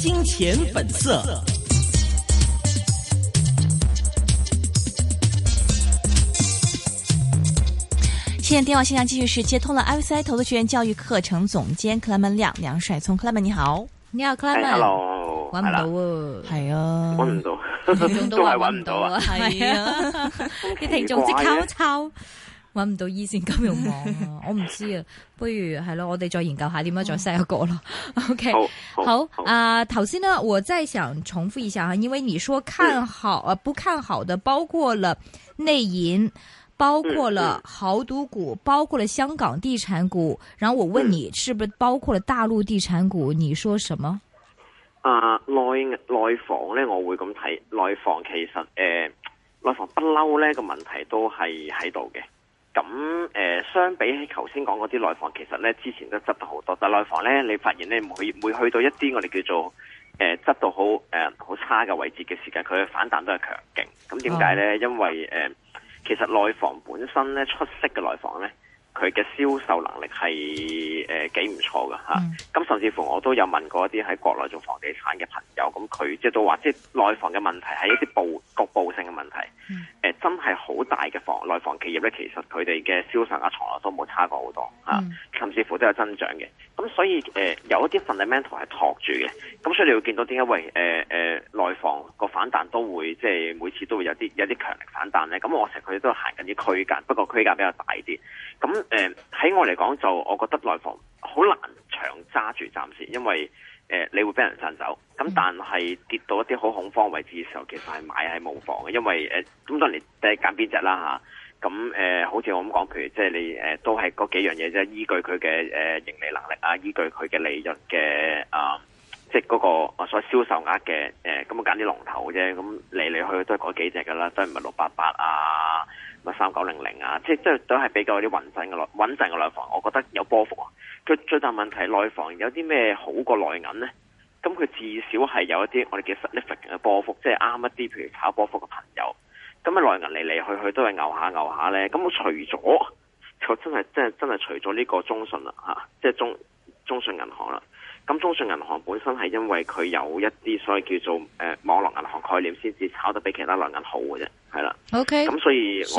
金錢，金錢本色。現在電話線上繼續是接通了 IVC 投資學院教育課程總監克萊門亮梁帥聰，從克萊門你好，你好克萊門，我、hey, 唔到，係、hey, 啊、uh. 搵 唔到，搵唔到都係搵唔到啊，係 啊， 啲聽眾直抽抽。搵唔到二線金融網啊！ 我唔知啊，不如係咯，我哋再研究下點樣再 set 一個咯。嗯、o、okay, K，好，好，啊，頭、呃、先呢，我再想重複一下啊，因為你說看好，誒、嗯，不看好的包括了內銀，包括了豪賭股，包括了香港地產股，嗯、然後我問你、嗯，是不是包括了大陸地產股？你說什麼？啊、呃，內內房咧，我會咁睇，內房其實誒，內、呃、房不嬲呢個問題都係喺度嘅。咁誒、呃，相比起頭先講嗰啲內房，其實咧之前都執得好多，但內房咧，你發現咧，每每去到一啲我哋叫做誒執、呃、到好誒好差嘅位置嘅時間，佢嘅反彈都係強勁。咁點解咧？嗯、因為誒、呃，其實內房本身咧，出色嘅內房咧。佢嘅銷售能力係誒幾唔錯噶嚇，咁、呃 mm. 啊、甚至乎我都有問過一啲喺國內做房地產嘅朋友，咁佢即係都話，即係內房嘅問題係一啲部局部性嘅問題，誒、呃、真係好大嘅房內房企業咧，其實佢哋嘅銷售額，啊、從來都冇差過好多嚇，啊 mm. 甚至乎都有增長嘅。咁、嗯、所以誒、呃，有一啲 fundamental 係托住嘅，咁、嗯、所以你會見到點解？喂誒誒。呃呃內房個反彈都會即係每次都會有啲有啲強力反彈咧，咁我成日佢都行緊啲區間，不過區間比較大啲。咁誒喺我嚟講就，我覺得內房好難長揸住暫時，因為誒、呃、你會俾人趁走。咁但係跌到一啲好恐慌位置嘅時候，其實係買係冇房嘅，因為誒咁當然即係揀邊隻啦吓。咁、啊、誒、呃，好似我咁講譬如即係你誒、呃、都係嗰幾樣嘢啫，依據佢嘅誒盈利能力啊，依據佢嘅利潤嘅啊。即係嗰個所謂銷售額嘅誒，咁我揀啲龍頭啫，咁嚟嚟去去都係嗰幾隻噶啦，都係唔係六八八啊，乜三九零零啊，即係都係比較啲穩陣嘅內穩陣嘅內房，我覺得有波幅啊。佢最大問題內房有啲咩好過內銀呢？咁佢至少係有一啲我哋叫 significant 嘅波幅，即係啱一啲，譬如炒波幅嘅朋友。咁啊內銀嚟嚟去去都係牛下牛下呢。咁我除咗我真係真係真係除咗呢個中信啦嚇、啊，即係中中信銀行啦。咁中信銀行本身係因為佢有一啲所謂叫做誒、呃、網絡銀行概念，先至炒得比其他內銀好嘅啫，係啦。O K，咁所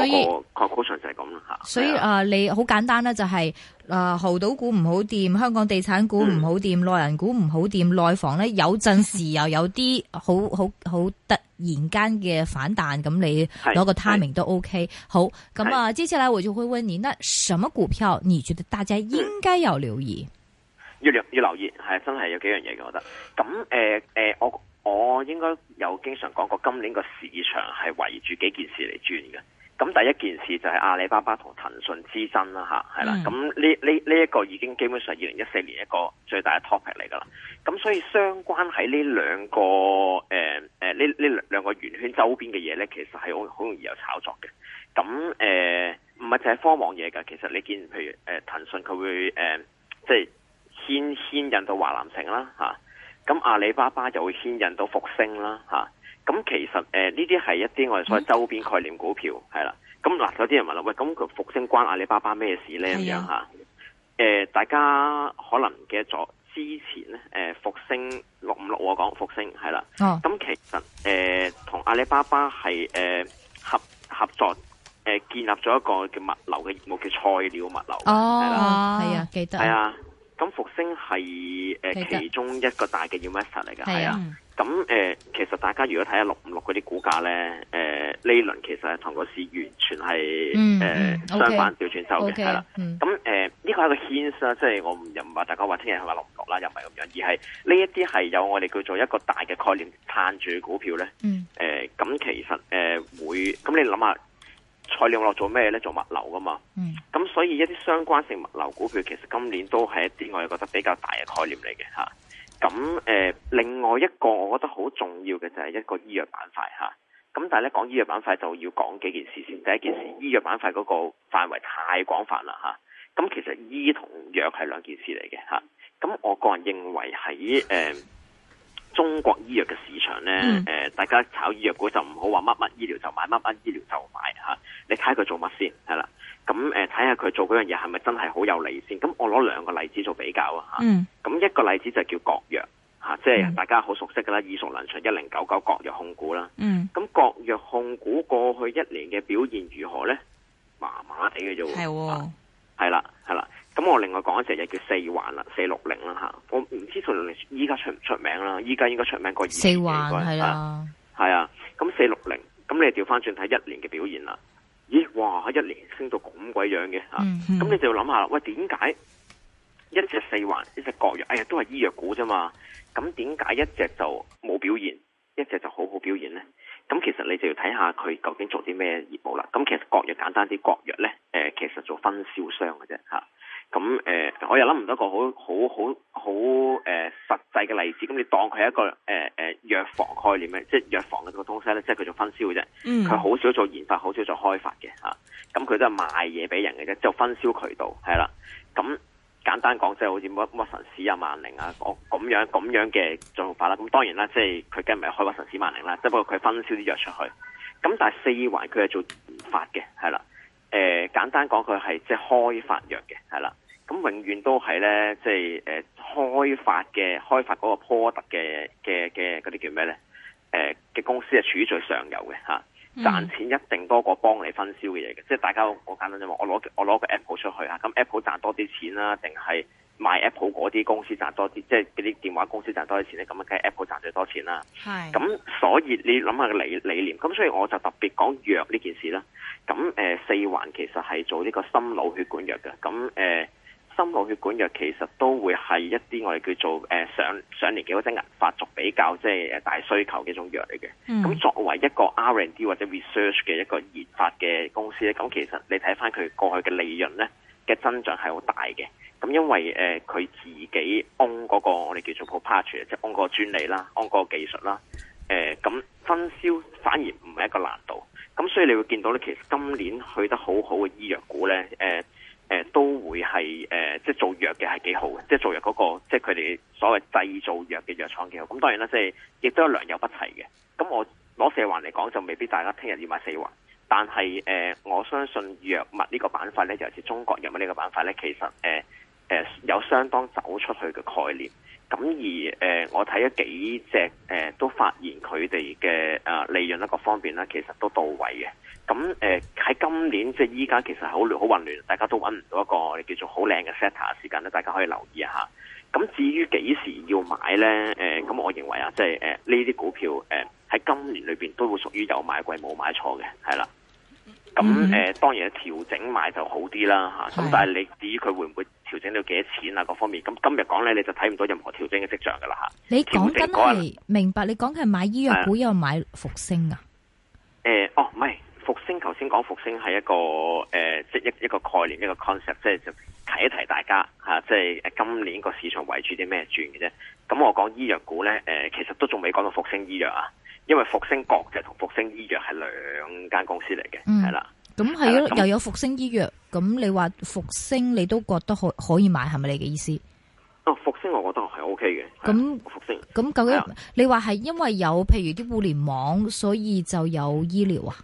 以我個 conclusion，就係咁啦，所以啊、呃，你好簡單啦、就是，就係啊，濠賭股唔好掂，香港地產股唔好掂，嗯，內銀股唔好掂，內房咧有陣時又有啲好好好、好突然間嘅反彈，咁你攞個 timing 都 O、OK、K。好，咁啊，接下嚟我就會問你，呢，什麼股票，你覺得大家應該要留意？嗯要留要留意，係真係有幾樣嘢嘅，我覺得。咁誒誒，我我應該有經常講過，今年個市場係圍住幾件事嚟轉嘅。咁第一件事就係阿里巴巴同騰訊之爭啦，吓係啦。咁呢呢呢一個已經基本上二零一四年一個最大嘅 topic 嚟噶啦。咁所以相關喺呢兩個誒誒呢呢兩個圓圈周邊嘅嘢咧，其實係好好容易有炒作嘅。咁誒唔係淨係科網嘢㗎。其實你見譬如誒騰訊佢會誒、呃、即係。先牽引到華南城啦，嚇、啊、咁阿里巴巴就會牽引到復星啦，嚇、啊、咁、啊、其實誒呢啲係一啲我哋所謂周邊概念股票係啦。咁、嗯、嗱有啲人問啦，喂，咁佢復星關阿里巴巴咩事咧咁樣嚇？誒、啊啊、大家可能記得咗之前咧誒、呃、復星六五六我講復星係啦，咁、哦嗯、其實誒同、呃、阿里巴巴係誒、呃、合合作誒、呃、建立咗一個叫物流嘅業務叫菜鳥物流。哦，係啊，記得係啊。咁復星係其中一個大嘅要 investor 嚟嘅，係啊。咁、啊呃、其實大家如果睇下落唔落嗰啲股價咧，呢、呃、輪其實係同個市完全係、呃嗯嗯、相反調轉收嘅，係、嗯、啦。咁呢個係一個 hint 即係我唔又唔話大家話聽日係話落唔落啦，又唔係咁樣，而係呢一啲係有我哋叫做一個大嘅概念撐住嘅股票咧。咁、嗯呃、其實誒、呃、會咁你諗下，菜鳥落做咩咧？做物流噶嘛。嗯一啲相關性物流股票，其實今年都係一啲我哋覺得比較大嘅概念嚟嘅吓。咁誒、呃，另外一個我覺得好重要嘅就係一個醫藥板塊吓。咁、啊、但係咧講醫藥板塊就要講幾件事先。第一件事，醫藥板塊嗰個範圍太廣泛啦吓。咁其實醫同藥係兩件事嚟嘅吓。咁、啊、我個人認為喺誒、呃、中國醫藥嘅市場咧，誒、嗯呃、大家炒醫藥股就唔好話乜乜醫療就買乜乜醫療就買吓、啊。你睇佢做乜先係啦。咁誒，睇下佢做嗰樣嘢係咪真係好有利先？咁我攞兩個例子做比較、嗯、啊吓。咁一個例子就叫國藥吓、啊，即係大家好熟悉噶啦，耳熟能詳一零九九國藥控股啦。嗯。咁國藥控、嗯、控股過去一年嘅表現如何咧？麻麻地嘅啫。係、嗯、喎。係、啊、啦，係啦。咁、啊、我另外講一隻就叫四環啦，四六零啦吓、啊。我唔知四六零依家出唔出名啦，依家應該出名過二。四環係啦。係啊。咁四六零，咁、啊、你調翻轉睇一年嘅表現啦。咦，哇！一年升到咁鬼樣嘅吓，咁、mm-hmm. 你就要諗下啦。喂，點解一隻四環、一隻國藥，哎呀，都係醫藥股啫嘛？咁點解一隻就冇表現，一隻就好好表現呢？咁其實你就要睇下佢究竟做啲咩業務啦。咁其實國藥簡單啲，國藥呢，誒、呃，其實做分銷商嘅啫吓。啊咁誒、呃，我又諗唔到一個好好好好誒實際嘅例子。咁你當佢係一個誒誒、呃呃、藥房概念咧，即係藥房嘅個東西咧，即係佢做分銷嘅啫。佢、嗯、好少做研發，好少做開發嘅嚇。咁、啊、佢、嗯、都係賣嘢俾人嘅啫，就分銷渠道係啦。咁、嗯、簡單講，即係好似屈屈臣氏啊、萬寧啊，咁樣咁樣嘅做法啦。咁、嗯、當然啦，即係佢梗係唔係開屈臣氏萬寧啦、啊，即不過佢分銷啲藥出去。咁、嗯、但係四環佢係做研發嘅，係啦。誒、呃，簡單講，佢係即係開發藥嘅，係啦。咁永遠都係咧，即係誒開發嘅開發嗰個 product 嘅嘅嘅，嗰啲叫咩咧？誒、呃、嘅公司係處於最上游嘅嚇，賺錢一定多過幫你分銷嘅嘢嘅。即、就、係、是、大家好簡單啫嘛，我攞我攞個 Apple 出去啊，咁 Apple 賺多啲錢啦、啊，定係賣 Apple 嗰啲公司賺多啲，即係嗰啲電話公司賺多啲錢咧，咁梗係 Apple 賺最多錢啦、啊。咁所以你諗下個理理念，咁所以我就特別講藥呢件事啦。咁、呃、四環其實係做呢個心腦血管藥嘅，咁心腦血管藥其實都會係一啲我哋叫做誒、呃、上上年紀多隻銀髮族比較即係大需求嘅一種藥嚟嘅。咁、嗯、作為一個 R&D 或者 research 嘅一個研發嘅公司咧，咁其實你睇翻佢過去嘅利潤咧嘅增長係好大嘅。咁因為誒佢、呃、自己 own 嗰個我哋叫做 patent 即係 own 個專利啦 own 個技術啦。誒、呃、咁分銷反而唔係一個難度。咁所以你會見到咧，其實今年去得好好嘅醫藥股咧，誒、呃。誒、呃、都會係誒、呃，即係做藥嘅係幾好嘅，即係做藥嗰、嗰個，即係佢哋所謂製造藥嘅藥廠幾好。咁當然啦，即係亦都有良莠不齊嘅。咁我攞四環嚟講，就未必大家聽日要買四環。但係誒、呃，我相信藥物個呢個板塊咧，尤其是中國藥物個呢個板塊咧，其實誒、呃呃、有相當走出去嘅概念。咁而誒、呃，我睇咗幾隻誒、呃，都發現佢哋嘅啊利潤啦，各方面啦，其實都到位嘅。咁誒喺今年即係依家，其實好亂，好混亂，大家都揾唔到一個叫做好靚嘅 setter 時間咧，大家可以留意一下。咁至於幾時要買咧？誒、呃、咁，我認為啊，即係誒呢啲股票誒喺、呃、今年裏邊都會屬於有買貴冇買錯嘅，係啦。咁誒、嗯呃、當然調整買就好啲啦嚇。咁但係你至於佢會唔會調整到幾多錢啊？各方面咁今日講咧，你就睇唔到任何調整嘅跡象噶啦嚇。你講緊係明白？你講嘅係買醫藥股又買復星啊？誒、呃，哦唔係。先頭先講復星係一個誒，即、呃、一一個概念一個 concept，即係就提一提大家吓、啊，即係誒今年個市場圍住啲咩轉嘅啫。咁我講醫藥股咧，誒、呃、其實都仲未講到復星醫藥啊，因為復星國際同復星醫藥係兩間公司嚟嘅，係、嗯、啦。咁係咯，又有復星醫藥，咁你話復星你都覺得可可以買係咪你嘅意思？哦，復星我覺得係 OK 嘅。咁復星咁究竟是你話係因為有譬如啲互聯網，所以就有醫療啊？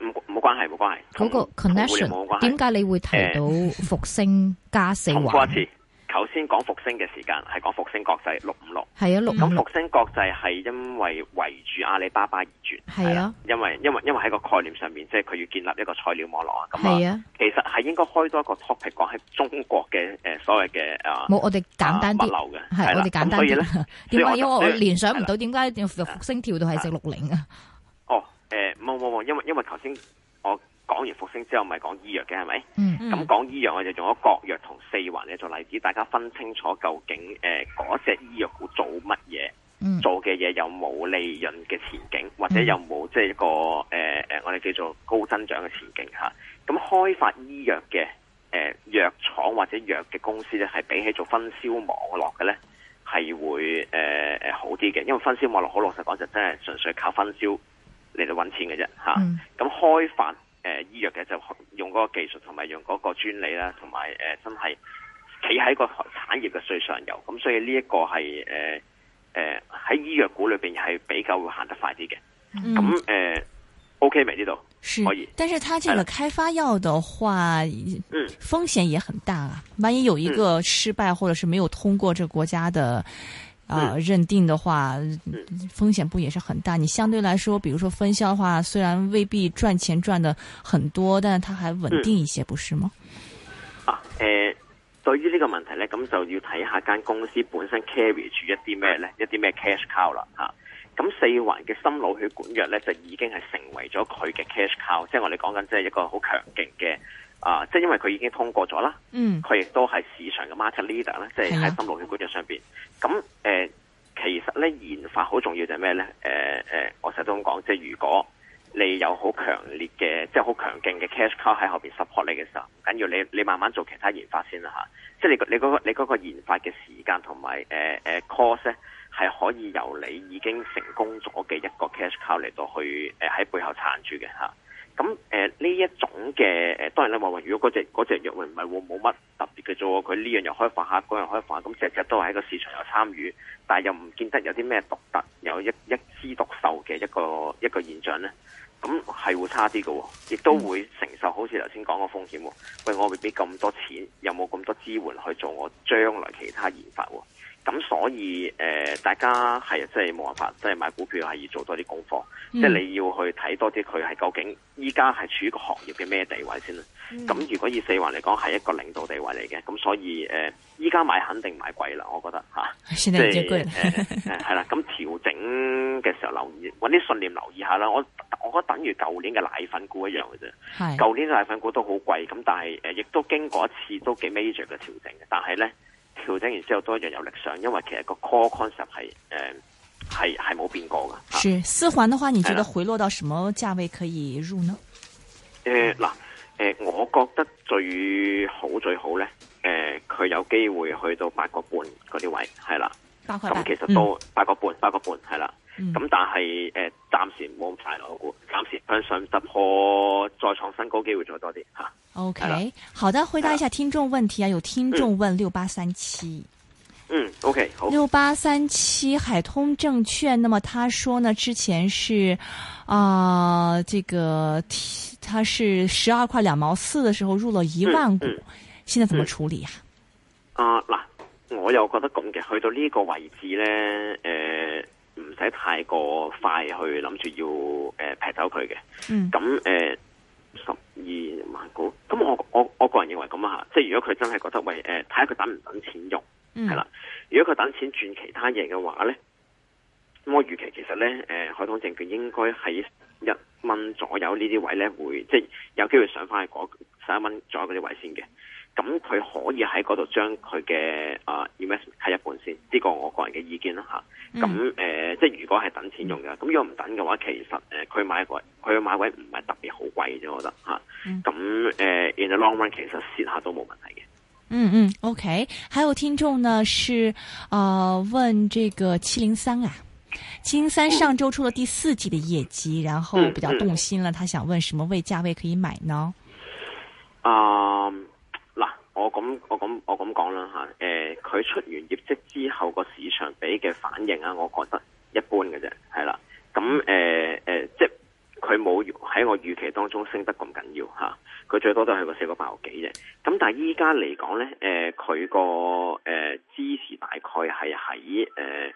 唔，冇關係，冇關係。嗰、那個 connection，點解你會提到復星加四？好、嗯、重複一次，頭先講復星嘅時間係講復星國際六五六。係啊，六。咁復星國際係因為圍住阿里巴巴而轉，係啊，啊。因為因為因為喺個概念上面，即係佢要建立一個菜鳥網絡啊。咁啊，其實係應該開多一個 topic 講喺中國嘅誒、啊啊啊啊，所謂嘅啊，冇，我哋簡單啲，係，嘅係。我哋簡單，啲。所以點解因為我聯想唔到點解復星跳到係值六零啊？誒、嗯，冇冇冇，因為因為頭先我講完復星之後唔係講嘅，咪講、嗯嗯、醫藥嘅係咪？咁講醫藥，我就用咗國藥同四環呢做例子，大家分清楚究竟誒嗰隻醫藥股做乜嘢，嗯，做嘅嘢有冇利潤嘅前景，或者有冇即係一個誒誒、呃、我哋叫做高增長嘅前景吓。咁開發醫藥嘅誒藥廠或者藥嘅公司咧，係比起做分銷網絡嘅咧，係會誒誒、呃、好啲嘅，因為分銷網絡好老實講就真係純粹靠分銷。嚟到揾錢嘅啫，吓、嗯、咁、啊、開發誒、呃、醫藥嘅就用嗰個技術同埋用嗰個專利啦，同埋誒真係企喺個產業嘅最上游，咁、嗯、所以呢一個係誒誒喺醫藥股裏邊係比較會行得快啲嘅。咁、啊、誒、嗯呃、OK 未呢度？是，可以。但是，佢這個開發藥的話，嗯，風險也很大啊！萬一有一個失敗，或者是沒有通過這個國家的。啊，認定的話、嗯、風險不也是很大？你相對來說，比如說分銷的話，雖然未必賺錢賺得很多，但係它還穩定一些，嗯、不是嗎？啊、誒、呃，對於呢個問題呢，咁就要睇下間公司本身 carry 住一啲咩呢？嗯、一啲咩 cash cow 啦吓。咁、啊、四環嘅心腦血管藥呢，就已經係成為咗佢嘅 cash cow，即係我哋講緊即係一個好強勁嘅。啊，即係因為佢已經通過咗啦，佢亦都係市場嘅 market leader 咧、啊，即係喺心血管嘅股票上邊。咁誒、呃，其實咧，研發好重要就係咩咧？誒、呃、誒、呃，我成日都咁講，即係如果你有好強烈嘅，即係好強勁嘅 cash cow 喺後邊 support 你嘅時候，唔緊要，要，你你慢慢做其他研發先啦吓、啊。即係你你嗰、嗰個你個研發嘅時間同埋誒誒 cost 咧，係、呃啊、可以由你已經成功咗嘅一個 cash cow 嚟到去誒喺、呃、背後撐住嘅吓。啊。咁誒呢一種嘅誒，當然啦，話如果嗰隻嗰隻藥物唔係冇冇乜特別嘅做佢呢樣又開發下，嗰樣開發，咁隻隻都係喺個市場又參與，但又唔見得有啲咩獨特，有一一枝獨秀嘅一個一個現象咧。咁係會差啲嘅喎，亦都會承受好似頭先講嘅風險喎。喂，我會俾咁多錢，有冇咁多支援去做我將來其他研發喎？咁所以誒、呃，大家係即係冇辦法，即係買股票係要做多啲功課，嗯、即係你要去睇多啲佢係究竟依家係處於一個行業嘅咩地位先啦。咁、嗯、如果以四環嚟講係一個領導地位嚟嘅，咁所以誒，依、呃、家買肯定買貴啦，我覺得嚇、啊，即係係啦。咁、呃、調整嘅時候留意搵啲信念留意下啦。我我覺得等於舊年嘅奶粉股一樣嘅啫。舊年嘅奶粉股都好貴，咁但係、呃、亦都經過一次都幾 major 嘅調整嘅，但係咧。調整完之後，都一樣有力上，因為其實個 core concept 係誒係係冇變過噶、啊。是四環的話，你覺得回落到什麼價位可以入呢？誒嗱，誒、嗯呃呃、我覺得最好最好咧，誒、呃、佢有機會去到八個半嗰啲位，係啦，咁、嗯、其實都八個半八個半係啦。是咁、嗯、但係誒，暫、呃、時唔好咁快咯，估暫時向上突破再創新高機會再多啲吓、啊。OK，right. 好的，回答一下聽眾問題啊，有聽眾問六八三七，嗯，OK，好，六八三七海通證券，那麼他說呢之前是啊、呃，這個它是十二塊兩毛四的時候入咗一萬股、嗯嗯，現在怎麼處理呀、啊嗯嗯？啊嗱，我又覺得咁嘅，去到呢個位置咧，誒、呃。唔使太過快去諗住要誒、呃、劈走佢嘅，咁誒十二萬股。咁我我我個人認為咁啊，吓即係如果佢真係覺得，喂、呃、誒，睇下佢等唔等錢用係、嗯、啦。如果佢等錢轉其他嘢嘅話咧，咁我預期其實咧，誒、呃，海通證券應該喺一蚊左右呢啲位咧，會即係有機會上翻去嗰十一蚊左右嗰啲位先嘅。咁佢可以喺嗰度將佢嘅啊 EM 系一半先，呢、這個我個人嘅意見啦吓，咁、啊、誒、啊嗯呃，即係如果係等錢用嘅，咁、嗯、如果唔等嘅話，其實誒佢、呃、買位佢嘅位唔係特別好貴啫，我覺得嚇。咁誒，in the long run 其實蝕下都冇問題嘅。嗯嗯，嗯，OK，還有聽眾呢是啊、呃，問這個七零三啊，七零三上周出咗第四季嘅業績、嗯，然後比較動心了，嗯嗯、他想問什麼位價位可以買呢？啊！我咁我咁我咁講啦嚇，佢、呃、出完業績之後個市場俾嘅反應啊，我覺得一般嘅啫，係啦，咁誒、呃呃、即係佢冇喺我預期當中升得咁緊要吓佢、啊、最多都係個四個八毫幾啫，咁但係依家嚟講咧，誒佢個誒支持大概係喺誒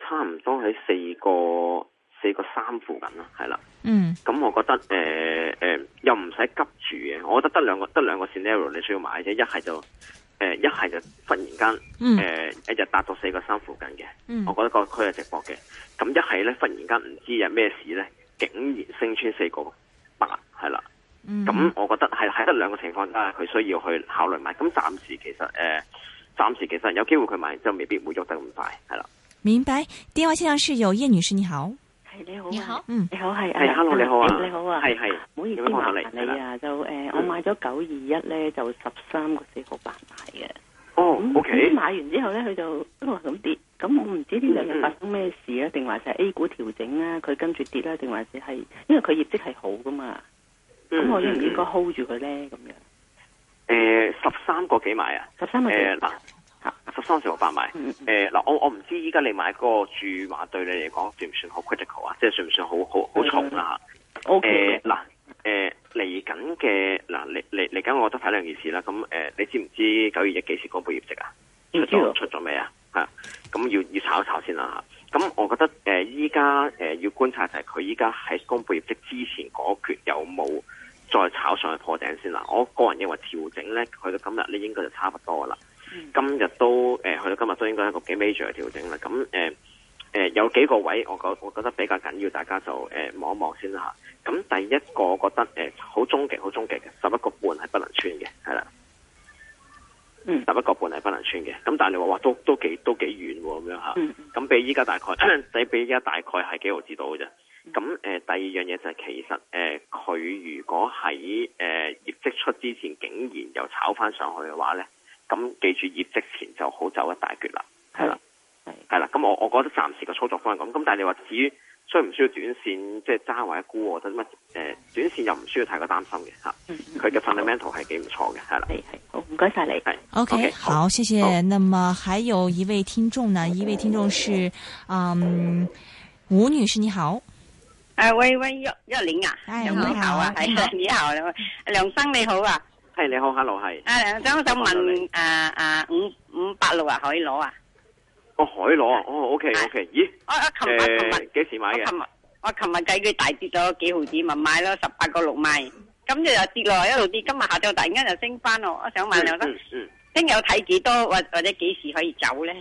差唔多喺四個。四個三附近啦，係、嗯、啦，咁我覺得誒誒，又唔使急住嘅，我覺得得兩個得兩個 scenario 你需要買啫，一係就誒，一係就忽然間誒一日達到四個三附近嘅、嗯，我覺得個區係直播嘅，咁一係咧忽然間唔知有咩事咧，竟然升穿四個八係啦，咁、嗯嗯、我覺得係係得兩個情況，但佢需要去考慮買，咁暫時其實誒、嗯，暫時其實有機會佢買，就未必會喐得咁快，係啦。明白，電話線上係有葉女士，你好。係你好，你好，你好係係，hello 你好啊，你好啊，係係，唔、嗯好，啊哎好，啊、好意思麻煩你啊，就誒、呃嗯，我買咗九二一咧，就十三個四毫八買嘅，哦、嗯、，ok，買完之後咧，佢就一路咁跌，咁我唔知呢兩日發生咩事啊，定話就係 A 股調整啊，佢跟住跌啦，定話只係因為佢業績係好噶嘛，咁、嗯嗯、我應唔應該 hold 住佢咧？咁樣？誒、呃，十三個幾買啊？十三個幾嗱？十三四六八賣，誒、嗯、嗱、呃，我我唔知依家你買嗰個注碼對你嚟講算唔算好 critical 啊？即係算唔算好好好重、啊嗯嗯呃嗯、啦？吓，O K，嗱，誒嚟緊嘅嗱，嚟嚟嚟緊，我覺得睇兩件事啦。咁誒、呃，你知唔知九月一幾時公布業績啊？出咗、嗯、出咗未啊？吓，咁要要炒一炒先啦吓。咁我覺得誒，依家誒要觀察就係佢依家喺公布業績之前嗰橛有冇再炒上去破頂先啦。我個人認為調整咧，去到今日咧，應該就差不多啦。今日都誒，去、呃、到今日都應該一個幾 major 嘅調整啦。咁誒誒，有幾個位我覺我覺得比較緊要，大家就誒望一望先吓。咁第一個我覺得誒好、呃、終極，好終極嘅十一個半係不能穿嘅，係啦。嗯，十一個半係不能穿嘅。咁但係你話話都都幾都幾遠咁樣吓。咁、嗯、比依家大概，嗯呃、比比依家大概係幾毫子度嘅啫。咁、嗯、誒、呃，第二樣嘢就係、是、其實誒，佢、呃、如果喺誒、呃、業績出之前，竟然又炒翻上去嘅話咧。咁記住業績前就好走一大橛啦，係啦，係啦，咁我我覺得暫時嘅操作方向咁，咁但係你話至於需唔需要短線即係揸或者沽，我諗乜誒短線又唔需要太過擔心嘅吓，嗯，佢嘅 fundamental 係幾唔錯嘅，係啦，係係好唔該晒你，係 OK, okay 好，好，謝謝。那麼還有一位聽眾呢，okay, 一位聽眾是嗯吳、uh, um, 女士你、uh, 啊啊哎啊，你好。誒，喂喂，幺幺零啊，你好啊，你你好，梁生你好啊。係、hey, 你好，hello 係。啊，想我想問，問啊啊五五八六啊，可以攞啊？哦，海螺，哦，OK OK，、啊、咦？我我琴日琴日幾時買嘅？我琴日我琴日計佢大跌咗幾毫子，咪買咯十八個六買，咁就又跌落一路跌，今日下晝突然間又升翻咯，我想問下啦，聽日有睇幾多或或者幾時可以走咧？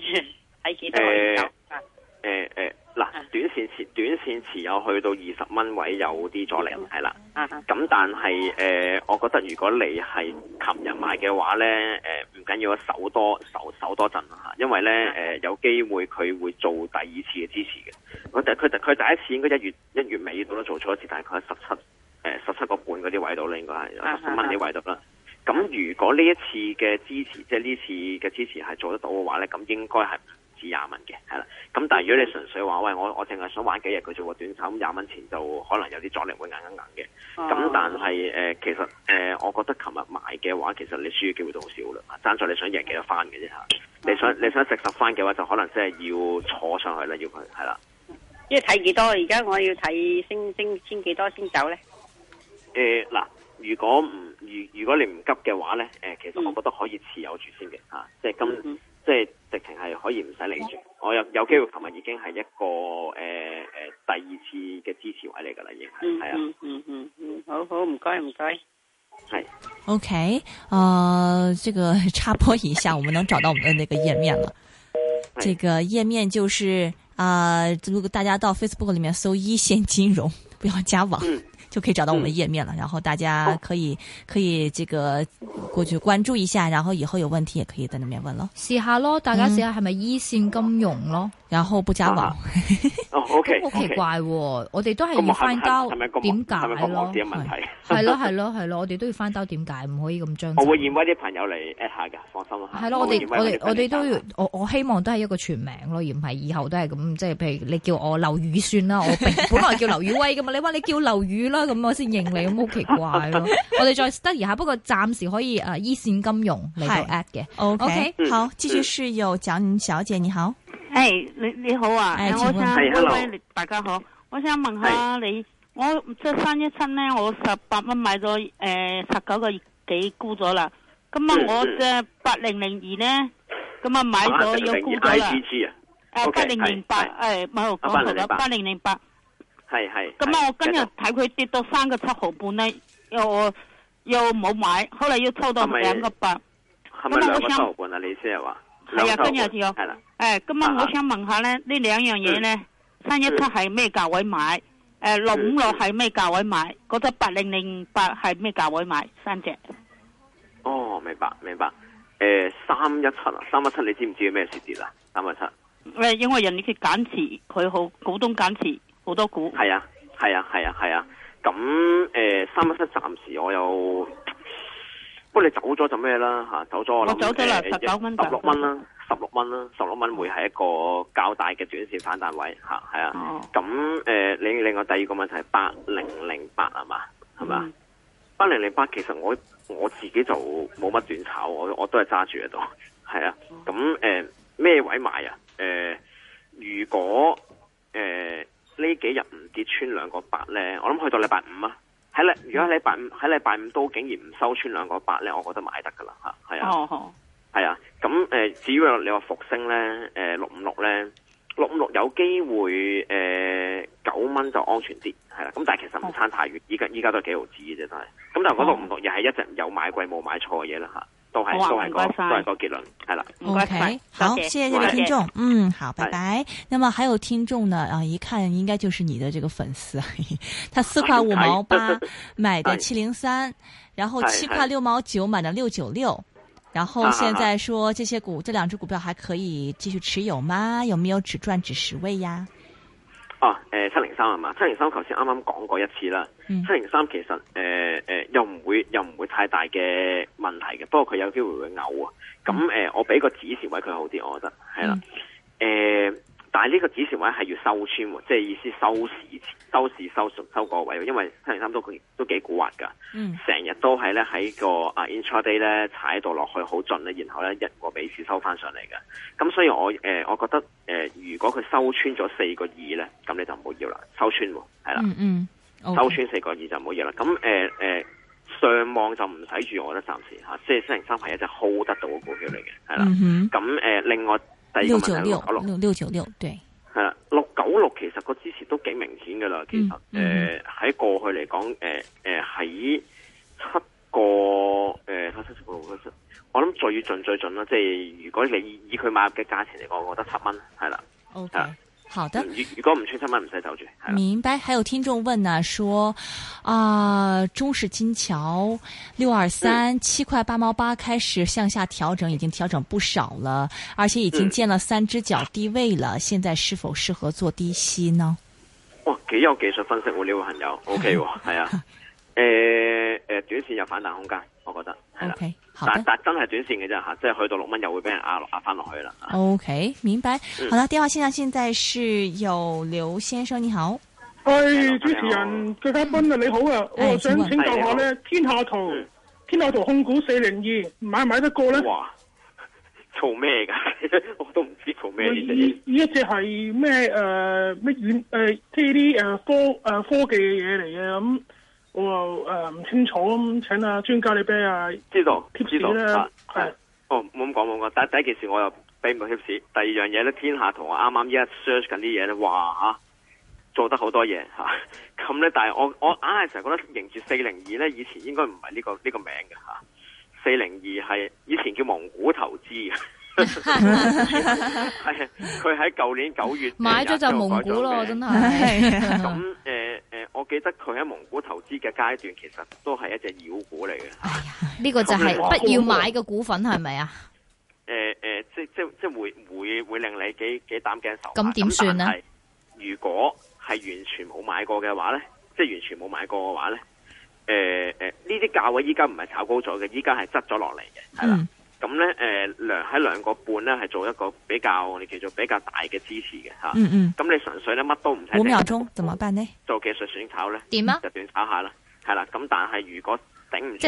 睇 幾多可以走誒誒。呃呃呃。嗱，短線持短線持有去到二十蚊位有啲阻力，係啦。咁但係誒、呃，我覺得如果你係琴日買嘅話咧，誒、呃、唔緊要，守多守守多陣嚇，因為咧誒、呃、有機會佢會做第二次嘅支持嘅。我第佢第佢第一次應該一月一月尾到咧做咗一次，大概十七誒十七個半嗰啲位度咧，應該係十蚊啲位度啦。咁、啊、如果呢一次嘅支持，即係呢次嘅支持係做得到嘅話咧，咁應該係。廿蚊嘅係啦，咁、嗯、但係如果你純粹話喂我我淨係想玩幾日佢做個短炒，廿蚊錢就可能有啲阻力會硬硬硬嘅。咁、啊、但係誒、呃，其實誒、呃，我覺得琴日買嘅話，其實你輸嘅機會都好少啦。爭在你想贏幾多番嘅啫吓，你想你想食十番嘅話，就可能即係要坐上去啦要佢係啦。即係睇幾多少？而家我要睇升升千幾多先走咧？誒、呃、嗱，如果唔如果如果你唔急嘅話咧，誒、呃，其實我覺得可以持有住先嘅吓、啊，即係今。嗯嗯即係直情係可以唔使理住，我又有機會琴日已經係一個誒誒、呃呃、第二次嘅支持位嚟㗎喇，已經係啊，嗯嗯嗯，嗯，嗯，好好唔該唔該，係，OK，啊、呃，這個插播一下，我們能找到我們的那個頁面啦。這個頁面就是啊、呃，如果大家到 Facebook 裏面搜一線金融，不要加網。嗯就可以找到我們頁面了，然後大家可以可以這個過去關注一下，然後以後有問題也可以在那邊問咯。試一下咯，大家試一下係咪一線金融咯，嗯、然後不紮華，好 、哦 okay, 奇怪、嗯 okay，我哋都係要翻兜，點、嗯、解？嗯嗯、問題？係咯係咯係咯，我哋都要翻兜，點解唔可以咁將？ 我會驗威啲朋友嚟 a 下㗎，放心。係咯，我哋我哋我哋都要，我我希望都係一個全名咯，而唔係以後都係咁，即係譬如你叫我劉宇算啦， 我本來叫劉宇威噶嘛，你話你叫劉宇啦。咁我先認你咁好奇怪咯， 我哋再 study 下，不過暫時可以誒，啊，一線金融嚟到 at 嘅，OK，okay、嗯、好，蜘蛛需要張小姐你好，誒，你你好啊，誒、hey，秦坤，hey, 大家好，我想問下你，hey. 我即係三一七咧，我十八蚊買咗誒十九個幾沽咗啦，咁啊我即係八零零二咧，咁啊買咗要沽咗啦，八零零八零零誒，八零零八，誒，唔好講錯咗，八零零八。係係，咁啊！我今日睇佢跌到三個七毫半咧，又又冇買，後來要抽到兩個八。係咪三個七毫半啊？你先係嘛？係啊，今日只係啦。誒、啊，今日、啊嗯、我想問下咧，呢、啊、兩樣嘢咧，三一七係咩價位買？誒、呃，六五六係咩價位買？嗰隻八零零八係咩價位買？三隻。哦，明白明白。誒、呃，三一七啊，三一七，你知唔知咩時跌啊？三一七。喂，因為人哋佢減持，佢好股東減持。好多股係啊，係啊，係啊，係啊。咁誒，三蚊七暫時我又，不過你走咗就咩啦吓，走咗我，我走咗啦，十九蚊，十六蚊啦，十六蚊啦，十六蚊會係一個較大嘅短線反彈位吓，係啊。咁、哦、誒、呃，你另外第二個問題是8008，是，八零零八係嘛，係咪？八零零八其實我我自己就冇乜短炒，我我都係揸住喺度。係啊，咁誒咩位買啊？誒、呃，如果誒？呃呢幾日唔跌穿兩個八呢，我諗去到禮拜五啊，喺禮如果喺禮拜五喺禮拜五都竟然唔收穿兩個八呢，我覺得買得噶啦吓，係啊，係、哦、啊，咁誒、呃，至於你話復星呢，誒、呃、六五六呢？六五六有機會誒、呃、九蚊就安全啲，係啦。咁但係其實唔差太遠，依家依家都係幾毫子嘅啫，都係。咁但係六五六又係一直有買貴冇買錯嘅嘢啦吓。都係都係個買買都係個結論。係啦。O K 好，謝謝這位聽眾嗯買買拜拜，嗯，好，拜拜。那麼還有聽眾呢，啊、呃，一看應該就是你的這個粉絲， 他四塊五毛八 買的七零三，然後七塊六毛九 買的六九六，然後現在說這些股，這兩隻股票還可以繼續持有嗎？有沒有隻賺幾十位呀？哦，誒、呃，七零三係嘛，七零三頭先啱啱講過一次啦，七零三其實誒誒、呃呃、又唔會又唔會太大嘅問題嘅，不過佢有機會會嘔啊，咁、呃、誒、嗯呃，我俾個指示位佢好啲，我覺得係啦，誒、嗯。呃但係呢個支持位係要收穿喎，即係意思收市，收市收收個位，因為星期三都佢都幾古惑噶，成日都係咧喺個啊 intraday 咧踩到落去好盡咧，然後咧一個尾市收翻上嚟嘅。咁所以我誒、呃，我覺得誒、呃，如果佢收穿咗四個二咧，咁你就唔好要啦。收穿喎，係啦，嗯嗯 okay. 收穿四個二就唔好要啦。咁誒誒，上望就唔使住，我覺得暫時吓，所以七零三係一隻 hold 得到嘅股票嚟嘅，係啦。咁、嗯、誒、呃，另外。六九六六九六，對係啦，六九六其實個支持都幾明顯噶啦。其實，誒喺過去嚟講，誒誒喺七個，誒七我諗最盡最盡啦。即係如果你以佢買入嘅價錢嚟講，我覺得七蚊，係啦，OK。好的，如如果唔出七蚊唔使走住。明白，還有聽眾問呢、啊，說啊、呃，中式金橋六二三七塊八毛八開始向下調整，已經調整不少了，而且已經見了三隻腳低位了、嗯，現在是否適合做低吸呢？哇，幾有技術分析喎，呢位朋友，OK 喎、哦，係啊，誒 誒、呃呃，短線有反彈空間，我覺得係啦。的但但真係短線嘅啫吓，即、就、係、是、去到六蚊又會俾人壓落，壓翻落去啦。OK，明白。嗯、好啦，電話線上現在是有劉先生，你好。喂、hey, 主持人嘅、hey, 嘉賓啊，你好啊、嗯，我想請教下咧、hey,，天下圖、嗯、天下圖控股四零二，買唔買得過咧？哇，做咩噶？ 我都唔知道做咩呢隻。呢一隻係咩？誒咩軟誒，即係啲誒科誒、呃、科技嘅嘢嚟嘅咁。嗯我誒唔、呃、清楚咁，請阿專家你俾啊。知道知道。係、啊嗯、哦冇咁講冇咁講，但第一件事我又俾唔到貼士。第二樣嘢咧，天下同我啱啱依家 search 緊啲嘢咧，哇，做得好多嘢吓。咁、啊、咧，但係我我硬係成日覺得迎住四零二咧，以前應該唔係呢個呢、呢個名嘅吓。四零二係以前叫蒙古投資，係佢喺舊年九月買咗就蒙古咯，真係咁誒。 記得佢喺蒙古投資嘅階段，其實都係一隻妖股嚟嘅。哎呀，呢、這個就係不要買嘅股份，係咪啊？誒、呃、誒、呃，即即即會會會令你幾幾膽驚受嚇咁點算呢？但係如果係完全冇買過嘅話咧，即、就、係、是、完全冇買過嘅話咧，誒、呃、誒，呢啲價位依家唔係炒高咗嘅，依家係執咗落嚟嘅，係、嗯、啦。咁咧，誒、呃，兩喺兩個半咧，係做一個比較，我哋叫做比較大嘅支持嘅吓。嗯嗯。咁、啊、你純粹咧乜都唔使，五秒鐘，怎麼辦咧？做技術選炒咧。點啊？就短炒下啦，係啦。咁但係如果頂唔住